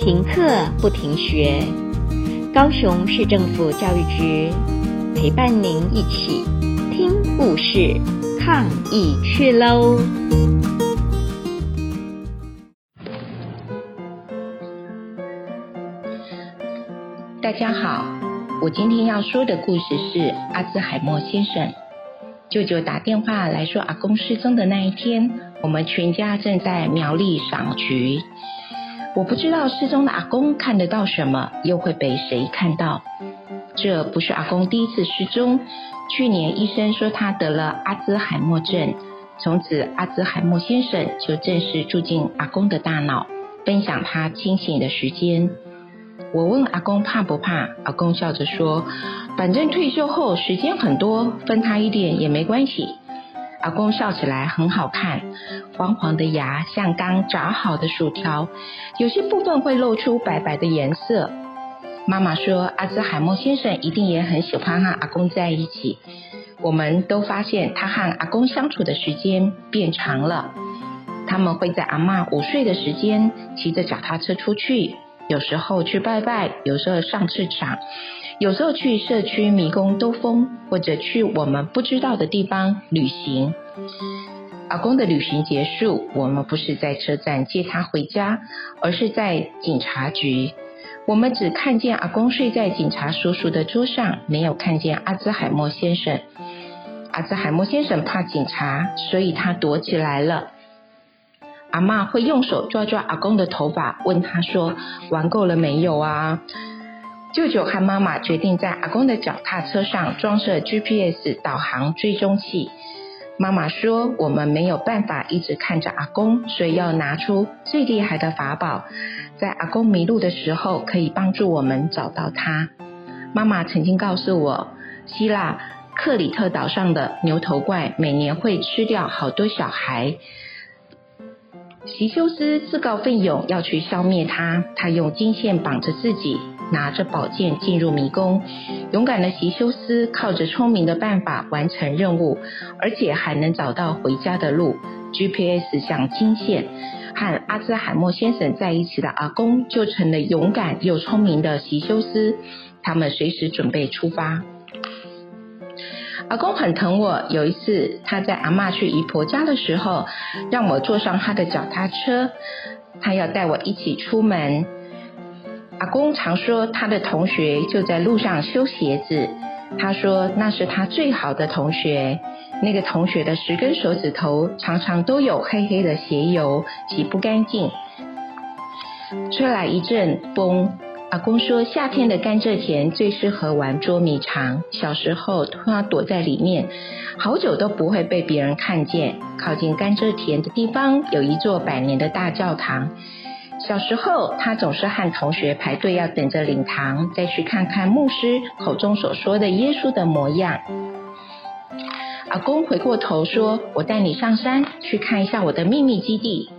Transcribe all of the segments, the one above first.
停課不停學，高雄市政府教育局陪伴您一起聽故事，抗疫趣嘍！大家好，我今天要說的故事是阿茲海默先生。舅舅打電話來說阿公失蹤的那一天，我們全家正在苗栗賞菊。我不知道失蹤的阿公看得到什麼，又會被誰看到？這不是阿公第一次失蹤。去年醫生說他得了阿茲海默症，從此阿茲海默先生就正式住進阿公的大腦，分享他清醒的時間。我問阿公怕不怕，阿公笑着說：“反正退休後時間很多，分他一點也沒關係。”阿公笑起來很好看，黃黃的牙像剛炸好的薯條，有些部分會露出白白的顏色。媽媽說，阿茲海默先生一定也很喜歡和阿公在一起。我們都發現他和阿公相處的時間變長了，他們會在阿嬤午睡的時間騎着腳踏車出去。有時候去拜拜，有時候上市場，有時候去社區迷宮兜風，或者去我們不知道的地方旅行。阿公的旅行結束，我們不是在車站接他回家，而是在警察局。我們只看見阿公睡在警察叔叔的桌上，沒有看見阿茲海默先生。阿茲海默先生怕警察，所以他躲起來了。阿嬤會用手抓抓阿公的頭髮，問他說：“玩夠了沒有啊？”舅舅和媽媽決定在阿公的腳踏車上裝設 GPS 導航追蹤器。媽媽說：“我們沒有辦法一直看着阿公，所以要拿出最厲害的法寶，在阿公迷路的時候可以幫助我們找到他。”媽媽曾經告訴我，希臘克里特島上的牛頭怪每年會吃掉好多小孩。席修斯自告奮勇要去消滅他，他用金線綁着自己，拿着寶劍進入迷宮。勇敢的席修斯靠着聰明的辦法完成任務，而且還能找到回家的路。GPS 像金線，和阿茲海默先生在一起的阿公就成了勇敢又聰明的席修斯。他們隨時準備出發。阿公很疼我。有一次，他在阿嬤去姨婆家的時候，讓我坐上他的腳踏車，他要帶我一起出門。阿公常說，他的同學就在路上修鞋子。他說那是他最好的同學。那個同學的十根手指頭常常都有黑黑的鞋油，洗不乾淨。吹來一陣風。阿公說，夏天的甘蔗田最適合玩捉迷藏。小時候，他躲在裡面，好久都不會被別人看見。靠近甘蔗田的地方有一座百年的大教堂。小時候，他總是和同學排隊要等着領糖，再去看看牧師口中所說的耶穌的模樣。阿公回過頭說：“我帶你上山去看一下我的秘密基地。”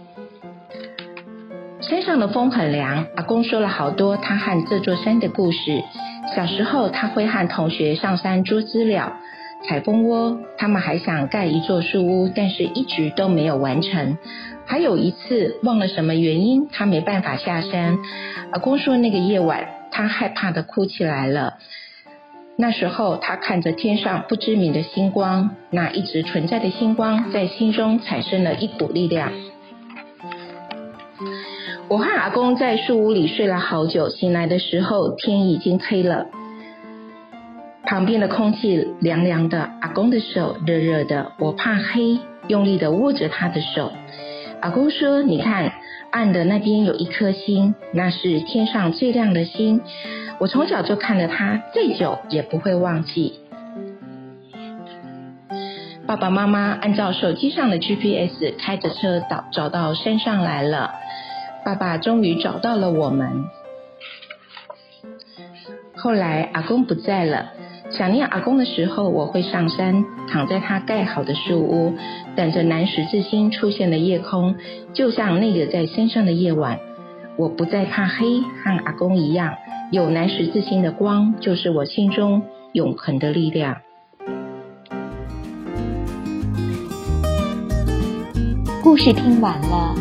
山上的風很涼，阿公說了好多他和這座山的故事。小時候，他會和同學上山捉知了、採蜂窩，他們還想蓋一座樹屋，但是一直都沒有完成。還有一次，忘了什麼原因，他沒辦法下山。阿公說，那個夜晚，他害怕的哭起來了。那時候，他看着天上不知名的星光，那一直存在的星光，在心中產生了一股力量。我和阿公在樹屋裡睡了好久，醒來的時候天已經黑了。旁邊的空氣涼涼的，阿公的手熱熱的。我怕黑，用力的握着他的手。阿公說：“你看，暗的那邊有一顆星，那是天上最亮的星。我從小就看着它，再久也不會忘記。”爸爸媽媽按照手機上的 GPS 開着車找找到山上來了。爸爸終於找到了我們。後來阿公不在了，想念阿公的時候，我會上山，躺在他蓋好的樹屋，等着南十字星出現的夜空，就像那個在山上的夜晚。我不再怕黑，和阿公一樣，有南十字星的光，就是我心中永恆的力量。故事聽完了。